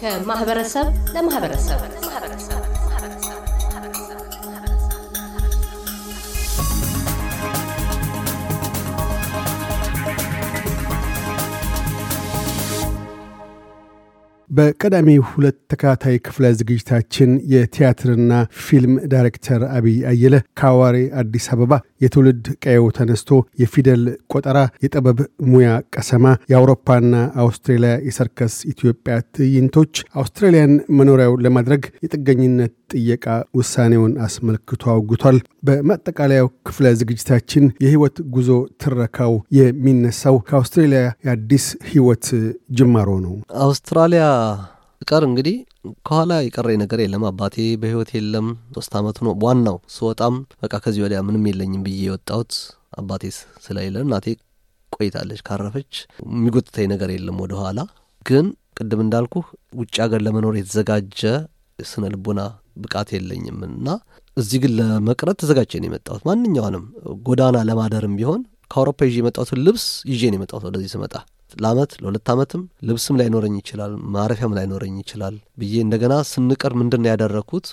ከማህበረሰብ ለማህበረሰብ ማህበረሰብ በቀዳሚው ሁለት ተከታታይ ክፍለ ዝግጅታችን የቲያትርና ፊልም ዳይሬክተር አብይ አየለ ከአዋሬ አዲስ አበባ የትውልድ ቀየው ተነስቶ የፊደል ቆጠራ፣ የጥበብ ሙያ ቀሰማ፣ የአውሮፓና አውስትሬልያ የሰርከስ ኢትዮጵያ ትዕይንቶች፣ አውስትሬሊያን መኖሪያው ለማድረግ የጥገኝነት ጥየቃ ውሳኔውን አስመልክቶ አውግቷል። በማጠቃለያው ክፍለ ዝግጅታችን የህይወት ጉዞ ትረካው የሚነሳው ከአውስትሬልያ የአዲስ ህይወት ጅማሮ ነው። አውስትራሊያ ቀር እንግዲህ ከኋላ የቀረ ነገር የለም። አባቴ በህይወት የለም፣ ሶስት አመት ሆኖ ዋናው ስወጣም በቃ ከዚህ ወዲያ ምንም የለኝም ብዬ የወጣሁት አባቴ ስለሌለ እናቴ ቆይታለች ካረፈች። የሚጎትተኝ ነገር የለም ወደ ኋላ ግን ቅድም እንዳልኩ ውጭ ሀገር ለመኖር የተዘጋጀ ስነ ልቦና ብቃት የለኝም እና እዚህ ግን ለመቅረት ተዘጋጀ ነው የመጣሁት። ማንኛውንም ጎዳና ለማደርም ቢሆን ከአውሮፓ ይዤ የመጣሁትን ልብስ ይዤ ነው የመጣሁት ወደዚህ ስመጣ ለአመት ለሁለት ዓመትም ልብስም ላይኖረኝ ይችላል፣ ማረፊያም ላይኖረኝ ይችላል ብዬ እንደገና ስንቀር ምንድን ነው ያደረግኩት?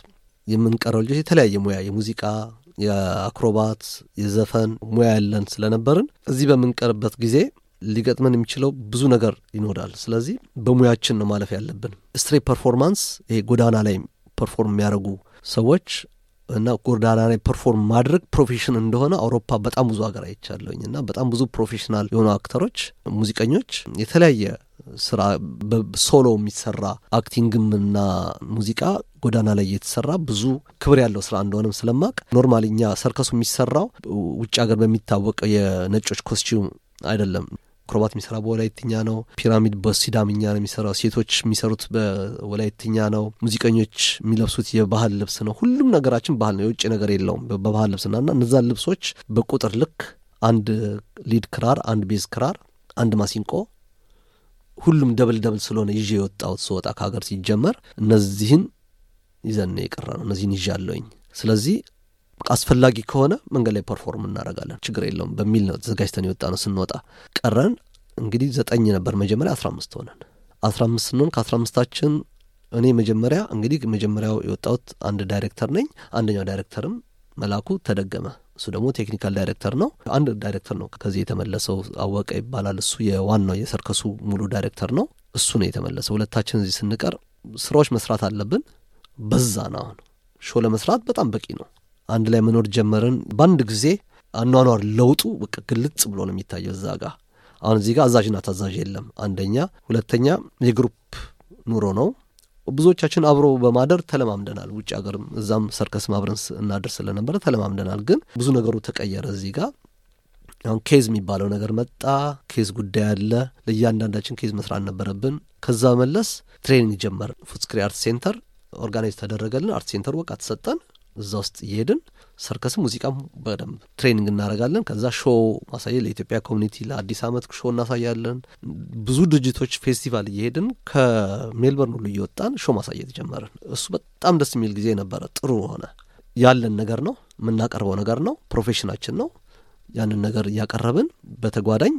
የምንቀረው ልጆች የተለያየ ሙያ የሙዚቃ የአክሮባት የዘፈን ሙያ ያለን ስለነበርን እዚህ በምንቀርበት ጊዜ ሊገጥመን የሚችለው ብዙ ነገር ይኖራል። ስለዚህ በሙያችን ነው ማለፍ ያለብን። ስትሬት ፐርፎርማንስ ይሄ ጎዳና ላይ ፐርፎርም የሚያደርጉ ሰዎች እና ጎርዳና ላይ ፐርፎርም ማድረግ ፕሮፌሽን እንደሆነ አውሮፓ በጣም ብዙ ሀገር አይቻለኝ እና በጣም ብዙ ፕሮፌሽናል የሆኑ አክተሮች፣ ሙዚቀኞች የተለያየ ስራ በሶሎ የሚሰራ አክቲንግምና ሙዚቃ ጎዳና ላይ የተሰራ ብዙ ክብር ያለው ስራ እንደሆነም ስለማቅ ኖርማል እኛ ሰርከሱ የሚሰራው ውጭ ሀገር በሚታወቅ የነጮች ኮስቲዩም አይደለም። ክሮባት የሚሰራ በወላይትኛ ነው። ፒራሚድ በሲዳምኛ ነው የሚሰራ። ሴቶች የሚሰሩት በወላይትኛ ነው። ሙዚቀኞች የሚለብሱት የባህል ልብስ ነው። ሁሉም ነገራችን ባህል ነው። የውጭ ነገር የለውም። በባህል ልብስና እና እነዛን ልብሶች በቁጥር ልክ አንድ ሊድ ክራር፣ አንድ ቤዝ ክራር፣ አንድ ማሲንቆ ሁሉም ደብል ደብል ስለሆነ ይዤ የወጣሁት ስወጣ ከሀገር ሲጀመር እነዚህን ይዘን የቀረ ነው። እነዚህን ይዣ ስለዚህ አስፈላጊ ከሆነ መንገድ ላይ ፐርፎርም እናደርጋለን ችግር የለውም በሚል ነው ተዘጋጅተን የወጣ ነው። ስንወጣ ቀረን እንግዲህ ዘጠኝ ነበር መጀመሪያ አስራ አምስት ሆነን አስራ አምስት ስንሆን ከአስራ አምስታችን እኔ መጀመሪያ እንግዲህ መጀመሪያው የወጣሁት አንድ ዳይሬክተር ነኝ። አንደኛው ዳይሬክተርም መላኩ ተደገመ እሱ ደግሞ ቴክኒካል ዳይሬክተር ነው። አንድ ዳይሬክተር ነው ከዚህ የተመለሰው አወቀ ይባላል። እሱ የዋናው የሰርከሱ ሙሉ ዳይሬክተር ነው። እሱ ነው የተመለሰው። ሁለታችን እዚህ ስንቀር ስራዎች መስራት አለብን። በዛ ነው አሁን ሾ ለመስራት በጣም በቂ ነው። አንድ ላይ መኖር ጀመርን። በአንድ ጊዜ አኗኗር ለውጡ በቃ ግልጽ ብሎ ነው የሚታየው እዛ ጋ። አሁን እዚህ ጋር አዛዥና ታዛዥ የለም። አንደኛ፣ ሁለተኛ የግሩፕ ኑሮ ነው። ብዙዎቻችን አብሮ በማደር ተለማምደናል። ውጭ ሀገርም እዛም ሰርከስ ማብረን እናደር ስለነበረ ተለማምደናል። ግን ብዙ ነገሩ ተቀየረ። እዚህ ጋር አሁን ኬዝ የሚባለው ነገር መጣ። ኬዝ ጉዳይ አለ። ለእያንዳንዳችን ኬዝ መስራት ነበረብን። ከዛ መለስ ትሬኒንግ ጀመር። ፉትስክሪ አርት ሴንተር ኦርጋናይዝ ተደረገልን። አርት ሴንተር ወቃ ተሰጠን። እዛ ውስጥ እየሄድን ሰርከስ ሙዚቃም በደንብ ትሬኒንግ እናደርጋለን። ከዛ ሾው ማሳየ ለኢትዮጵያ ኮሚኒቲ ለአዲስ አመት ሾው እናሳያለን። ብዙ ድርጅቶች ፌስቲቫል እየሄድን ከሜልበርን ሁሉ እየወጣን ሾው ማሳየት ጀመርን። እሱ በጣም ደስ የሚል ጊዜ ነበረ። ጥሩ ሆነ። ያለን ነገር ነው የምናቀርበው ነገር ነው፣ ፕሮፌሽናችን ነው። ያንን ነገር እያቀረብን በተጓዳኝ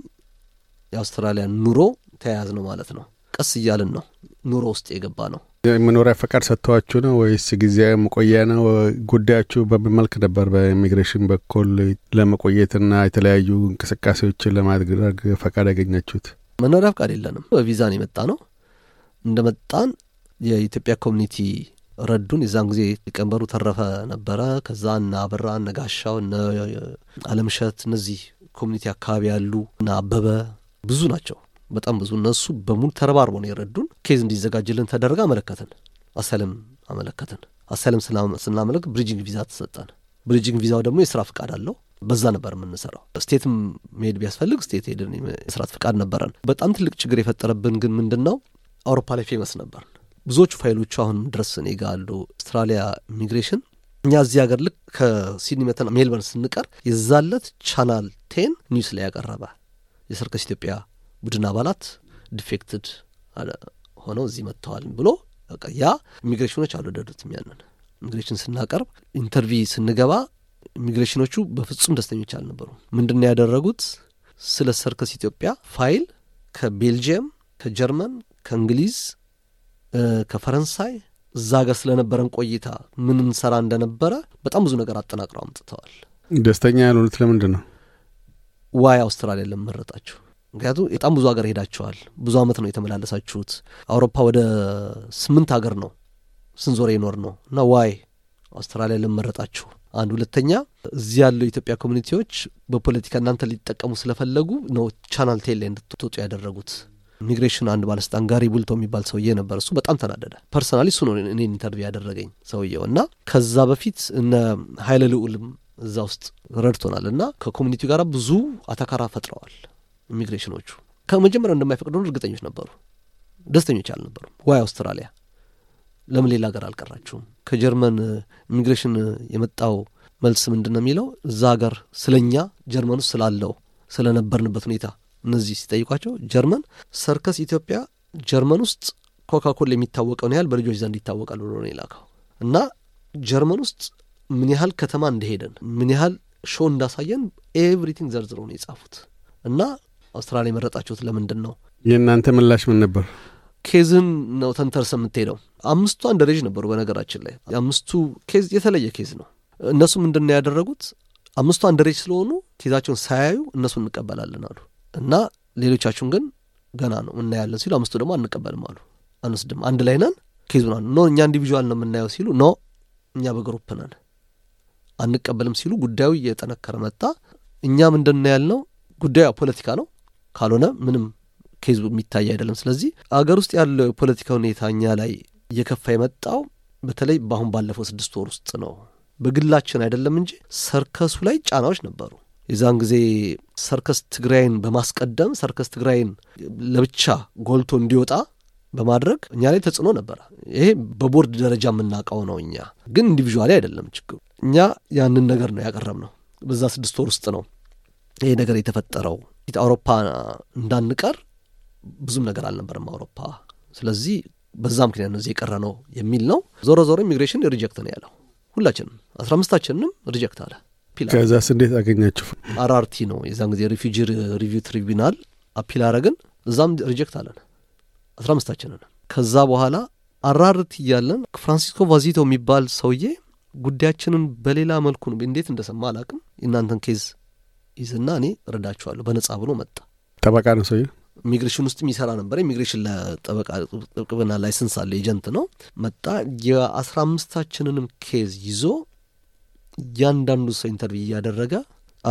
የአውስትራሊያን ኑሮ ተያያዝ ነው ማለት ነው። ቀስ እያልን ነው ኑሮ ውስጥ የገባ ነው። መኖሪያ ፈቃድ ሰጥተዋችሁ ነው ወይስ ጊዜያዊ መቆያ ነው? ጉዳያችሁ በምን መልክ ነበር? በኢሚግሬሽን በኩል ለመቆየትና የተለያዩ እንቅስቃሴዎችን ለማድረግ ፈቃድ ያገኛችሁት? መኖሪያ ፈቃድ የለንም። በቪዛን የመጣ ነው። እንደመጣን የኢትዮጵያ ኮሚኒቲ ረዱን። የዛን ጊዜ ሊቀመንበሩ ተረፈ ነበረ። ከዛ እነ አበራ እነ ጋሻው እነ አለምሸት እነዚህ ኮሚኒቲ አካባቢ ያሉ እነ አበበ ብዙ ናቸው። በጣም ብዙ እነሱ በሙሉ ተረባርበው ነው የረዱን። ኬዝ እንዲዘጋጅልን ተደረገ። አመለከትን፣ አሰልም አመለከትን። አሰልም ስናመለክ ብሪጅንግ ቪዛ ተሰጠን። ብሪጅንግ ቪዛው ደግሞ የስራ ፍቃድ አለው። በዛ ነበር የምንሰራው። ስቴትም መሄድ ቢያስፈልግ ስቴት ሄድን። የስራት ፍቃድ ነበረን። በጣም ትልቅ ችግር የፈጠረብን ግን ምንድን ነው አውሮፓ ላይ ፌመስ ነበር። ብዙዎቹ ፋይሎቹ አሁን ድረስ እኔ ጋ አሉ። አውስትራሊያ ኢሚግሬሽን እኛ እዚህ ሀገር ልክ ከሲድኒ መተን ሜልበርን ስንቀር የዛለት ቻናል ቴን ኒውስ ላይ ያቀረበ የሰርከስ ኢትዮጵያ ቡድን አባላት ዲፌክትድ ሆነው እዚህ መጥተዋል ብሎ በቃ ያ ኢሚግሬሽኖች አልወደዱት የሚያንን ኢሚግሬሽን ስናቀርብ ኢንተርቪ ስንገባ ኢሚግሬሽኖቹ በፍጹም ደስተኞች አልነበሩ ምንድን ያደረጉት ስለ ሰርከስ ኢትዮጵያ ፋይል ከቤልጅየም፣ ከጀርመን፣ ከእንግሊዝ፣ ከፈረንሳይ እዛ ጋር ስለነበረን ቆይታ ምን እንሰራ እንደነበረ በጣም ብዙ ነገር አጠናቅረው አምጥተዋል። ደስተኛ ያልሆኑት ለምንድን ነው? ዋይ አውስትራሊያ ለመረጣችሁ ምክንያቱም በጣም ብዙ ሀገር ሄዳችኋል። ብዙ አመት ነው የተመላለሳችሁት። አውሮፓ ወደ ስምንት ሀገር ነው ስንዞር ይኖር ነው እና ዋይ አውስትራሊያ ለመረጣችሁ? አንድ ሁለተኛ፣ እዚህ ያለው የኢትዮጵያ ኮሚኒቲዎች በፖለቲካ እናንተ ሊጠቀሙ ስለፈለጉ ነው ቻናል ቴን ላይ እንድትወጡ ያደረጉት። ኢሚግሬሽን አንድ ባለስልጣን ጋሪ ቡልቶ የሚባል ሰውዬ ነበር። እሱ በጣም ተናደደ። ፐርሰናሊ እሱ ነው እኔን ኢንተርቪው ያደረገኝ ሰውየው እና ከዛ በፊት እነ ሀይለ ልዑልም እዛ ውስጥ ረድቶናል እና ከኮሚኒቲው ጋር ብዙ አተካራ ፈጥረዋል። ኢሚግሬሽኖቹ ከመጀመሪያው እንደማይፈቅዱ እርግጠኞች ነበሩ። ደስተኞች አልነበሩም። ዋይ አውስትራሊያ ለምን ሌላ ሀገር አልቀራችሁም? ከጀርመን ኢሚግሬሽን የመጣው መልስ ምንድን ነው የሚለው? እዛ ሀገር ስለኛ ጀርመን ውስጥ ስላለው ስለነበርንበት ሁኔታ እነዚህ ሲጠይቋቸው ጀርመን ሰርከስ ኢትዮጵያ ጀርመን ውስጥ ኮካኮል የሚታወቀውን ያህል በልጆች ዘንድ ይታወቃል ብሎ ነው የላከው እና ጀርመን ውስጥ ምን ያህል ከተማ እንደሄደን ምን ያህል ሾው እንዳሳየን ኤቭሪቲንግ ዘርዝሮ ነው የጻፉት እና አውስትራሊያ የመረጣችሁት ለምንድን ነው? የእናንተ ምላሽ ምን ነበር? ኬዝን ነው ተንተርሰ የምትሄደው። አምስቱ አንድ ልጅ ነበሩ። በነገራችን ላይ አምስቱ ኬዝ የተለየ ኬዝ ነው። እነሱ ምንድን ነው ያደረጉት? አምስቱ አንድ ልጅ ስለሆኑ ኬዛቸውን ሳያዩ እነሱ እንቀበላለን አሉ እና ሌሎቻችሁን ግን ገና ነው እናያለን ሲሉ፣ አምስቱ ደግሞ አንቀበልም አሉ። አንወስድም፣ አንድ ላይ ነን፣ ኬዝ አሉ። ኖ እኛ ኢንዲቪዥዋል ነው የምናየው ሲሉ፣ ኖ እኛ በግሩፕ ነን አንቀበልም ሲሉ፣ ጉዳዩ እየጠነከረ መጣ። እኛ ምንድን ነው ያልነው? ጉዳዩ ፖለቲካ ነው። ካልሆነ ምንም ከህዝቡ የሚታይ አይደለም። ስለዚህ አገር ውስጥ ያለው የፖለቲካ ሁኔታ እኛ ላይ እየከፋ የመጣው በተለይ በአሁን ባለፈው ስድስት ወር ውስጥ ነው። በግላችን አይደለም እንጂ ሰርከሱ ላይ ጫናዎች ነበሩ። የዛን ጊዜ ሰርከስ ትግራይን በማስቀደም ሰርከስ ትግራይን ለብቻ ጎልቶ እንዲወጣ በማድረግ እኛ ላይ ተጽዕኖ ነበረ። ይሄ በቦርድ ደረጃ የምናውቀው ነው። እኛ ግን ኢንዲቪዥዋሊ አይደለም ችግሩ። እኛ ያንን ነገር ነው ያቀረብ ነው። በዛ ስድስት ወር ውስጥ ነው ይሄ ነገር የተፈጠረው አውሮፓ እንዳንቀር ብዙም ነገር አልነበርም አውሮፓ። ስለዚህ በዛ ምክንያት ነው የቀረ ነው የሚል ነው። ዞሮ ዞሮ ኢሚግሬሽን ሪጀክት ነው ያለው። ሁላችንም አስራ አምስታችንንም ሪጀክት አለ። ከዛስ እንዴት አገኛችሁ? አራርቲ ነው የዛን ጊዜ ሪፊጂ ሪቪው ትሪቢናል አፒል አረግን። እዛም ሪጀክት አለን አስራ አምስታችንን። ከዛ በኋላ አራርቲ እያለን ፍራንሲስኮ ቫዚቶ የሚባል ሰውዬ ጉዳያችንን በሌላ መልኩ ነው እንዴት እንደሰማ አላቅም። እናንተን ኬዝ ይዝና እኔ ረዳችኋለሁ በነጻ ብሎ መጣ። ጠበቃ ነው ሰው ኢሚግሬሽን ውስጥ የሚሰራ ነበር። ኢሚግሬሽን ለጠበቃ ጥብቅብና ላይሰንስ አለ፣ ኤጀንት ነው። መጣ የአስራ አምስታችንንም ኬዝ ይዞ እያንዳንዱ ሰው ኢንተርቪው እያደረገ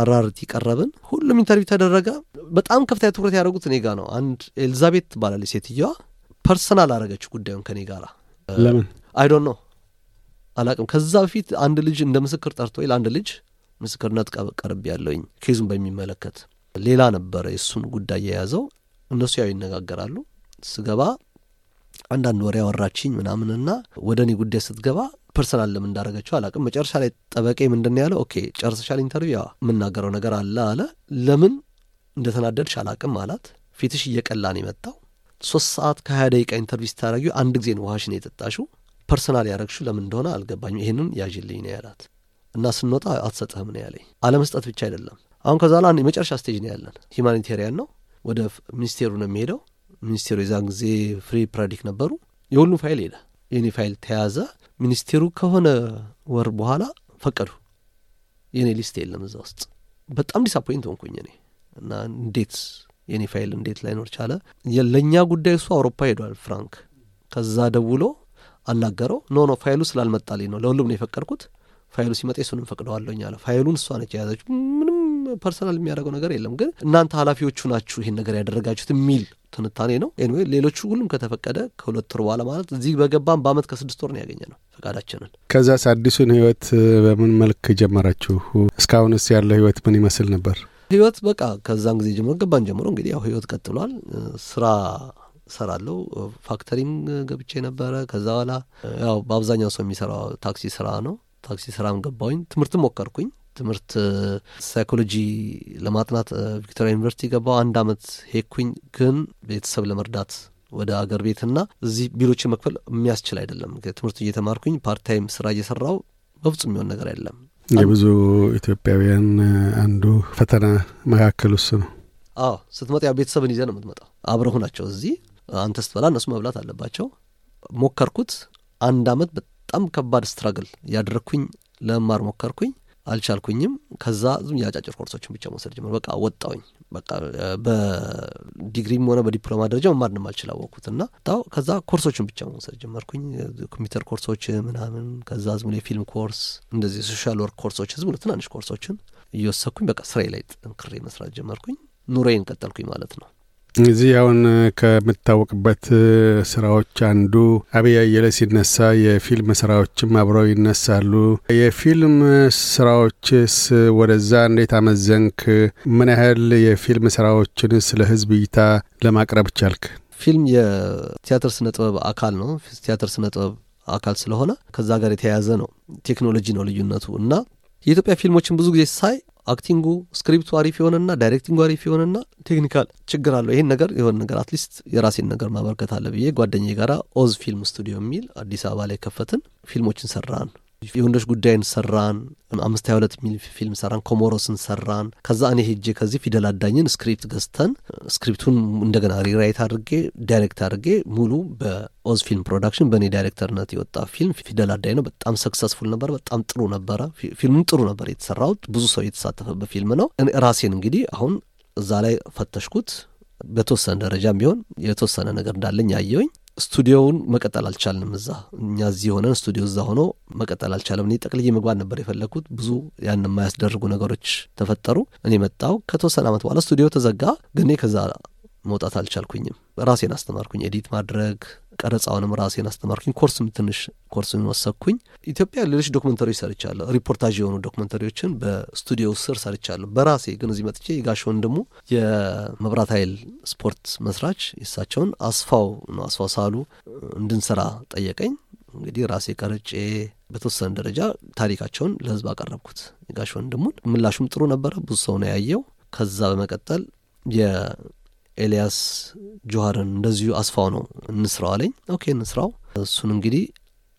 አራርቲ ቀረብን። ሁሉም ኢንተርቪው ተደረገ። በጣም ከፍተኛ ትኩረት ያደረጉት እኔ ጋ ነው። አንድ ኤልዛቤት ትባላለች ሴትዮዋ። ፐርሰናል አረገች ጉዳዩን ከኔ ጋር። ለምን አይዶን ነው አላቅም። ከዛ በፊት አንድ ልጅ እንደ ምስክር ጠርቶ ለአንድ ልጅ ምስክርነት ቀርብ ያለውኝ ኬዙን በሚመለከት ሌላ ነበረ የእሱን ጉዳይ የያዘው እነሱ ያው ይነጋገራሉ ስገባ አንዳንድ ወሬ ያወራችኝ ምናምንና ወደ እኔ ጉዳይ ስትገባ ፐርሰናል ለምን እንዳደረገችው አላቅም መጨረሻ ላይ ጠበቄ ምንድን ያለው ኦኬ ጨርሰሻል ኢንተርቪው ያ የምናገረው ነገር አለ አለ ለምን እንደተናደድሽ አላቅም አላት ፊትሽ እየቀላን የመጣው ሶስት ሰዓት ከሀያ ደቂቃ ኢንተርቪው ስታደረጊ አንድ ጊዜ ነው ውሃሽን የጠጣሹ ፐርሰናል ያደረግሹ ለምን እንደሆነ አልገባኝም ይህንን ያዥልኝ ነው ያላት እና ስንወጣ አትሰጥህም ነው ያለኝ። አለመስጠት ብቻ አይደለም። አሁን ከዛ ላ የመጨረሻ ስቴጅ ነው ያለን። ሂማኒቴሪያን ነው ወደ ሚኒስቴሩ ነው የሚሄደው። ሚኒስቴሩ የዛን ጊዜ ፍሪ ፕራዲክ ነበሩ። የሁሉም ፋይል ሄደ። የኔ ፋይል ተያዘ። ሚኒስቴሩ ከሆነ ወር በኋላ ፈቀዱ። የእኔ ሊስት የለም እዛ ውስጥ። በጣም ዲስአፖይንት ሆንኩኝ እኔ እና እንዴት የኔ ፋይል እንዴት ላይኖር ቻለ? ለእኛ ጉዳይ እሱ አውሮፓ ሄዷል ፍራንክ። ከዛ ደውሎ አናገረው። ኖ ኖ ፋይሉ ስላልመጣልኝ ነው ለሁሉም ነው የፈቀድኩት ፋይሉ ሲመጣ የሱንም ፈቅደዋለኝ አለ። ፋይሉን እሷ ነች የያዘች። ምንም ፐርሰናል የሚያደርገው ነገር የለም። ግን እናንተ ኃላፊዎቹ ናችሁ ይህን ነገር ያደረጋችሁት የሚል ትንታኔ ነው። ኤኒዌይ ሌሎቹ ሁሉም ከተፈቀደ ከሁለት ወር በኋላ ማለት እዚህ በገባም በአመት ከስድስት ወር ነው ያገኘ ነው ፈቃዳችንን። ከዛስ አዲሱን ህይወት በምን መልክ ጀመራችሁ? እስካሁንስ ያለው ህይወት ምን ይመስል ነበር? ህይወት በቃ ከዛን ጊዜ ጀምሮ ገባን ጀምሮ እንግዲህ ያው ህይወት ቀጥሏል። ስራ ሰራለው ፋክተሪም ገብቼ ነበረ። ከዛ በኋላ ያው በአብዛኛው ሰው የሚሰራው ታክሲ ስራ ነው። ታክሲ ስራም ገባሁኝ። ትምህርትም ሞከርኩኝ። ትምህርት ሳይኮሎጂ ለማጥናት ቪክቶሪያ ዩኒቨርሲቲ ገባው። አንድ አመት ሄኩኝ ግን ቤተሰብ ለመርዳት ወደ አገር ቤትና እዚህ ቢሮች መክፈል የሚያስችል አይደለም። ትምህርቱ እየተማርኩኝ ፓርትታይም ስራ እየሰራው በፍጹም የሚሆን ነገር አይደለም። የብዙ ኢትዮጵያውያን አንዱ ፈተና መካከል ውስ ነው። አዎ ስትመጣ ያው ቤተሰብን ይዘ ነው የምትመጣው። አብረሁ ናቸው እዚህ አንተ ስትበላ እነሱ መብላት አለባቸው። ሞከርኩት አንድ አመት በጣም ከባድ ስትራግል ያደረግኩኝ ለመማር ሞከርኩኝ፣ አልቻልኩኝም። ከዛ ዝም የአጫጭር ኮርሶችን ብቻ መውሰድ ጀመር። በቃ ወጣውኝ። በቃ በዲግሪም ሆነ በዲፕሎማ ደረጃ መማር ንም አልችላወቅኩት እና ጣው ከዛ ኮርሶችን ብቻ መውሰድ ጀመርኩኝ። ኮምፒውተር ኮርሶች ምናምን፣ ከዛ ዝም የፊልም ኮርስ እንደዚህ ሶሻል ወርክ ኮርሶች፣ ዝም ትናንሽ ኮርሶችን እየወሰኩኝ በቃ ስራዬ ላይ ጥንክሬ መስራት ጀመርኩኝ። ኑሮዬን ቀጠልኩኝ ማለት ነው። እዚህ አሁን ከምታወቅበት ስራዎች አንዱ አብይ አየለ ሲነሳ የፊልም ስራዎችም አብረው ይነሳሉ። የፊልም ስራዎችስ ወደዛ እንዴት አመዘንክ? ምን ያህል የፊልም ስራዎችንስ ለህዝብ እይታ ለማቅረብ ቻልክ? ፊልም የቲያትር ስነ ጥበብ አካል ነው። ቲያትር ስነ ጥበብ አካል ስለሆነ ከዛ ጋር የተያያዘ ነው። ቴክኖሎጂ ነው ልዩነቱ እና የኢትዮጵያ ፊልሞችን ብዙ ጊዜ ሳይ አክቲንጉ ስክሪፕቱ አሪፍ የሆነና ዳይሬክቲንጉ አሪፍ የሆነና ቴክኒካል ችግር አለው ይሄን ነገር የሆነ ነገር አትሊስት የራሴን ነገር ማበርከት አለ ብዬ ጓደኛ ጋራ ኦዝ ፊልም ስቱዲዮ የሚል አዲስ አበባ ላይ ከፈትን ፊልሞችን ሰራን የወንዶች ጉዳይን ሰራን፣ አምስት ሁለት ሚል ፊልም ሰራን፣ ኮሞሮስን ሰራን። ከዛ እኔ ሄጄ ከዚህ ፊደል አዳኝን ስክሪፕት ገዝተን ስክሪፕቱን እንደገና ሪራይት አድርጌ ዳይሬክት አድርጌ ሙሉ በኦዝ ፊልም ፕሮዳክሽን በእኔ ዳይሬክተርነት የወጣ ፊልም ፊደል አዳኝ ነው። በጣም ሰክሰስፉል ነበረ። በጣም ጥሩ ነበረ። ፊልሙን ጥሩ ነበር የተሰራው። ብዙ ሰው የተሳተፈበት ፊልም ነው። ራሴን እንግዲህ አሁን እዛ ላይ ፈተሽኩት። በተወሰነ ደረጃም ቢሆን የተወሰነ ነገር እንዳለኝ ያየውኝ ስቱዲዮውን መቀጠል አልቻልንም። እዛ እኛ እዚህ የሆነን ስቱዲዮ እዛ ሆኖ መቀጠል አልቻለም። እኔ ጠቅልዬ መግባት ነበር የፈለግኩት። ብዙ ያን የማያስደርጉ ነገሮች ተፈጠሩ። እኔ መጣው ከተወሰነ ዓመት በኋላ ስቱዲዮ ተዘጋ። ግን ከዛ መውጣት አልቻልኩኝም። ራሴን አስተማርኩኝ፣ ኤዲት ማድረግ ቀረጻውንም ራሴን አስተማርኩኝ። ኮርስም ትንሽ ኮርስም ወሰኩኝ። ኢትዮጵያ ሌሎች ዶክመንተሪዎች ሰርቻለሁ፣ ሪፖርታጅ የሆኑ ዶክመንተሪዎችን በስቱዲዮ ስር ሰርቻለሁ። በራሴ ግን እዚህ መጥቼ የጋሽ ደግሞ የመብራት ኃይል ስፖርት መስራች የሳቸውን አስፋው ነው አስፋው ሳሉ እንድንሰራ ጠየቀኝ። እንግዲህ ራሴ ቀርጬ በተወሰነ ደረጃ ታሪካቸውን ለህዝብ አቀረብኩት። የጋሽ ወንድሙን ምላሹም ጥሩ ነበረ፣ ብዙ ሰው ነው ያየው። ከዛ በመቀጠል ኤልያስ ጆሃርን እንደዚሁ አስፋው ነው እንስራው አለኝ። ኦኬ እንስራው። እሱን እንግዲህ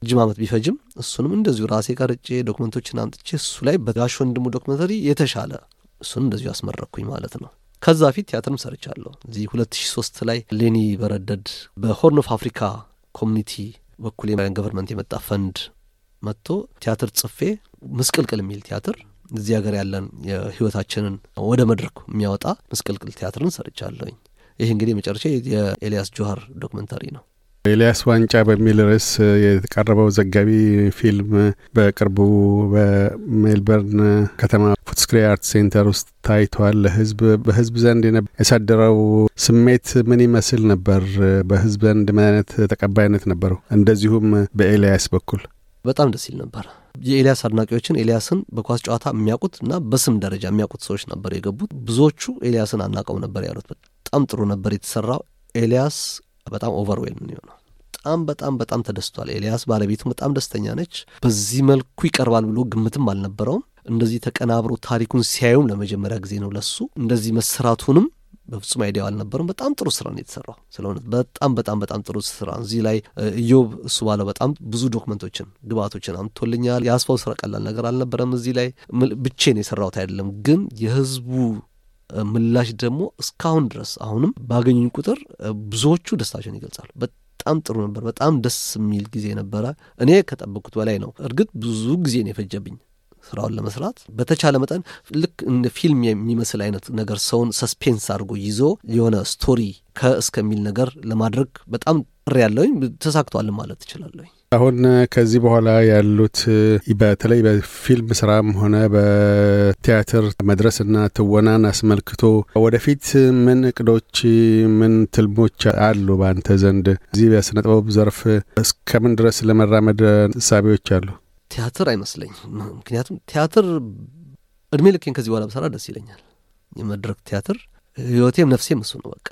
እጅም ዓመት ቢፈጅም እሱንም እንደዚሁ ራሴ ቀርጬ ዶክመንቶችን አምጥቼ እሱ ላይ በጋሽ ወንድሙ ዶክመንተሪ የተሻለ እሱን እንደዚሁ አስመረኩኝ ማለት ነው። ከዛ ፊት ቲያትርም ሰርቻለሁ። እዚህ 2003 ላይ ሌኒ በረደድ በሆርን ኦፍ አፍሪካ ኮሚኒቲ በኩል ገቨርንመንት የመጣ ፈንድ መጥቶ ቲያትር ጽፌ ምስቅልቅል የሚል ቲያትር እዚህ ሀገር ያለን ህይወታችንን ወደ መድረክ የሚያወጣ ምስቅልቅል ቲያትርን ሰርቻለሁኝ። ይህ እንግዲህ መጨረሻ የኤልያስ ጆሀር ዶክመንታሪ ነው። ኤልያስ ዋንጫ በሚል ርዕስ የተቀረበው ዘጋቢ ፊልም በቅርቡ በሜልበርን ከተማ ፉትስክሬ አርት ሴንተር ውስጥ ታይቷል። ህዝብ በህዝብ ዘንድ ያሳደረው ስሜት ምን ይመስል ነበር? በህዝብ ዘንድ ምን አይነት ተቀባይነት ነበረው? እንደዚሁም በኤልያስ በኩል በጣም ደስ ይል ነበር። የኤልያስ አድናቂዎችን ኤልያስን በኳስ ጨዋታ የሚያውቁት እና በስም ደረጃ የሚያውቁት ሰዎች ነበር የገቡት። ብዙዎቹ ኤልያስን አናቀው ነበር ያሉት። በጣም ጥሩ ነበር የተሰራው። ኤልያስ በጣም ኦቨርዌልም ነው። በጣም በጣም በጣም ተደስቷል ኤልያስ። ባለቤቱ በጣም ደስተኛ ነች። በዚህ መልኩ ይቀርባል ብሎ ግምትም አልነበረውም። እንደዚህ ተቀናብሮ ታሪኩን ሲያዩም ለመጀመሪያ ጊዜ ነው ለሱ እንደዚህ መሰራቱንም በፍጹም አይዲያው አልነበረም። በጣም ጥሩ ስራ ነው የተሰራው። ስለ እውነት በጣም በጣም በጣም ጥሩ ስራ። እዚህ ላይ ኢዮብ እሱ ባለው በጣም ብዙ ዶክመንቶችን፣ ግብአቶችን አምቶልኛል። የአስፋው ስራ ቀላል ነገር አልነበረም። እዚህ ላይ ብቼን የሰራሁት አይደለም፣ ግን የህዝቡ ምላሽ ደግሞ እስካሁን ድረስ አሁንም ባገኙኝ ቁጥር ብዙዎቹ ደስታቸውን ይገልጻሉ። በጣም ጥሩ ነበር። በጣም ደስ የሚል ጊዜ ነበረ። እኔ ከጠበቅኩት በላይ ነው። እርግጥ ብዙ ጊዜ ነው የፈጀብኝ ስራውን ለመስራት በተቻለ መጠን ልክ እንደ ፊልም የሚመስል አይነት ነገር ሰውን ሰስፔንስ አድርጎ ይዞ የሆነ ስቶሪ ከእስከሚል ነገር ለማድረግ በጣም ጥሪ ያለውኝ ተሳክቷል ማለት ትችላለኝ። አሁን ከዚህ በኋላ ያሉት በተለይ በፊልም ስራም ሆነ በቲያትር መድረስና ትወናን አስመልክቶ ወደፊት ምን እቅዶች፣ ምን ትልሞች አሉ በአንተ ዘንድ? እዚህ በስነ ጥበብ ዘርፍ እስከምን ድረስ ለመራመድ ሳቢዎች አሉ? ቲያትር አይመስለኝ። ምክንያቱም ቲያትር እድሜ ልኬን ከዚህ በኋላ ብሰራ ደስ ይለኛል። የመድረክ ቲያትር ህይወቴም ነፍሴም እሱ ነው። በቃ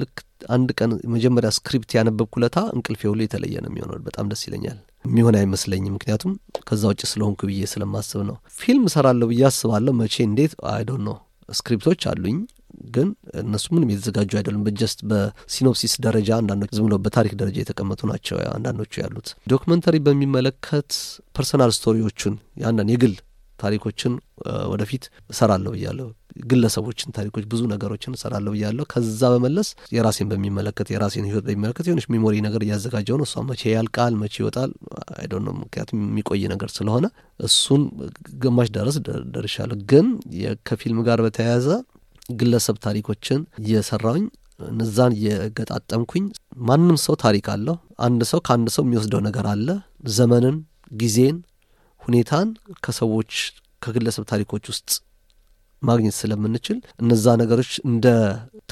ልክ አንድ ቀን መጀመሪያ ስክሪፕት ያነበብ ኩለታ እንቅልፍ ሁሉ የተለየ ነው የሚሆነው። በጣም ደስ ይለኛል። የሚሆን አይመስለኝም፣ ምክንያቱም ከዛ ውጭ ስለሆንኩ ብዬ ስለማስብ ነው። ፊልም ሰራለሁ ብዬ አስባለሁ። መቼ እንዴት አይዶን ነው። ስክሪፕቶች አሉኝ ግን እነሱ ምንም የተዘጋጁ አይደሉም። በጀስት በሲኖፕሲስ ደረጃ አንዳንዶች ዝም ብለው በታሪክ ደረጃ የተቀመጡ ናቸው አንዳንዶቹ ያሉት። ዶክመንተሪ በሚመለከት ፐርሰናል ስቶሪዎቹን ያንዳንድ የግል ታሪኮችን ወደፊት እሰራለሁ ብያለሁ። ግለሰቦችን ታሪኮች፣ ብዙ ነገሮችን እሰራለሁ ብያለሁ። ከዛ በመለስ የራሴን በሚመለከት የራሴን ህይወት በሚመለከት የሆነች ሚሞሪ ነገር እያዘጋጀው ነው። እሷ መቼ ያልቃል መቼ ይወጣል አይዶነ ምክንያቱም የሚቆይ ነገር ስለሆነ እሱን ግማሽ ደረስ ደርሻለሁ። ግን ከፊልም ጋር በተያያዘ ግለሰብ ታሪኮችን እየሰራውኝ እነዛን እየገጣጠምኩኝ ማንም ሰው ታሪክ አለው። አንድ ሰው ከአንድ ሰው የሚወስደው ነገር አለ። ዘመንን፣ ጊዜን፣ ሁኔታን ከሰዎች ከግለሰብ ታሪኮች ውስጥ ማግኘት ስለምንችል እነዛ ነገሮች እንደ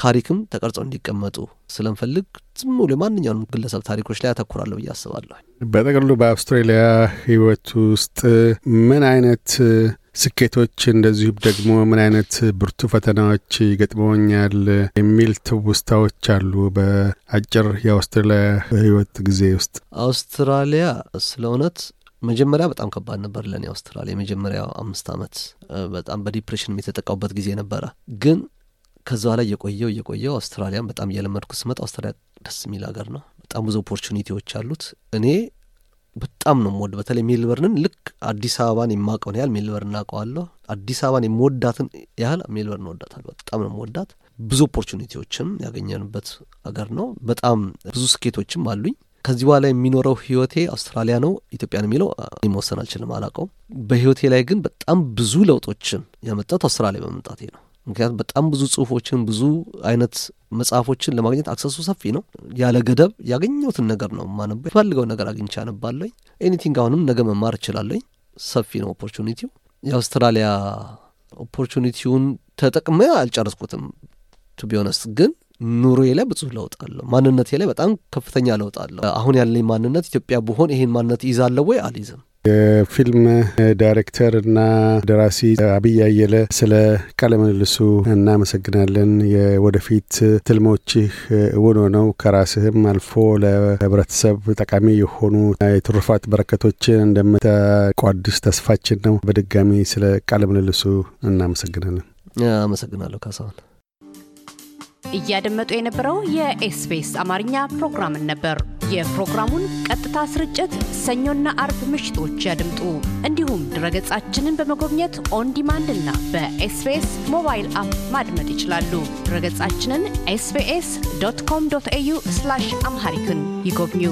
ታሪክም ተቀርጸው እንዲቀመጡ ስለምፈልግ ዝም ብሎ ማንኛውም ግለሰብ ታሪኮች ላይ ያተኩራለሁ ብዬ አስባለሁ። በጠቅሉ በአውስትራሊያ ህይወት ውስጥ ምን አይነት ስኬቶች፣ እንደዚሁም ደግሞ ምን አይነት ብርቱ ፈተናዎች ይገጥመውኛል የሚል ትውስታዎች አሉ በአጭር የአውስትራሊያ ህይወት ጊዜ ውስጥ? አውስትራሊያ ስለ እውነት መጀመሪያ በጣም ከባድ ነበር ለእኔ አውስትራሊያ። የመጀመሪያው አምስት ዓመት በጣም በዲፕሬሽን የተጠቃውበት ጊዜ ነበረ። ግን ከዛ ላይ የቆየው የቆየው አውስትራሊያን በጣም እየለመድኩ ስመጣ አውስትራሊያ ደስ የሚል ሀገር ነው። በጣም ብዙ ኦፖርቹኒቲዎች አሉት። እኔ በጣም ነው የምወድ። በተለይ ሜልበርንን ልክ አዲስ አበባን የማውቀውን ያህል ሜልበርን እናውቀዋለሁ። አዲስ አበባን የምወዳትን ያህል ሜልበርን ወዳታል በጣም ነው የምወዳት። ብዙ ኦፖርቹኒቲዎችም ያገኘንበት አገር ነው። በጣም ብዙ ስኬቶችም አሉኝ። ከዚህ በኋላ የሚኖረው ህይወቴ አውስትራሊያ ነው ኢትዮጵያን የሚለው መወሰን አልችልም፣ አላቀው በህይወቴ ላይ ግን በጣም ብዙ ለውጦችን ያመጣት አውስትራሊያ በመምጣቴ ነው። ምክንያቱም በጣም ብዙ ጽሁፎችን ብዙ አይነት መጽሐፎችን ለማግኘት አክሰሱ ሰፊ ነው። ያለ ገደብ ያገኘሁትን ነገር ነው ማነበው። ፈልገው ነገር አግኝቻ ነባለኝ ኤኒቲንግ አሁንም ነገ መማር እችላለኝ። ሰፊ ነው ኦፖርቹኒቲው። የአውስትራሊያ ኦፖርቹኒቲውን ተጠቅመ አልጨረስኩትም ቢሆነስ ግን ኑሮዬ ላይ ብዙ ለውጥ አለው። ማንነቴ ላይ በጣም ከፍተኛ ለውጥ አለው። አሁን ያለኝ ማንነት ኢትዮጵያ ብሆን ይሄን ማንነት ይዛለሁ ወይ አልይዝም? የፊልም ዳይሬክተር እና ደራሲ አብይ አየለ ስለ ቃለ ምልልሱ እናመሰግናለን። የወደፊት ትልሞችህ እውን ሆነው ከራስህም አልፎ ለህብረተሰብ ጠቃሚ የሆኑ የትሩፋት በረከቶችን እንደምታቋድስ ተስፋችን ነው። በድጋሚ ስለ ቃለ ምልልሱ እናመሰግናለን። አመሰግናለሁ ካሳሁን። እያደመጡ የነበረው የኤስፔስ አማርኛ ፕሮግራምን ነበር። የፕሮግራሙን ቀጥታ ስርጭት ሰኞና አርብ ምሽቶች ያድምጡ። እንዲሁም ድረገጻችንን በመጎብኘት ኦን እና በኤስቢኤስ ሞባይል አፕ ማድመጥ ይችላሉ። ድረገጻችንን ኤስቢኤስ ዶት ኮም ዶት ኤዩ አምሃሪክን ይጎብኙ።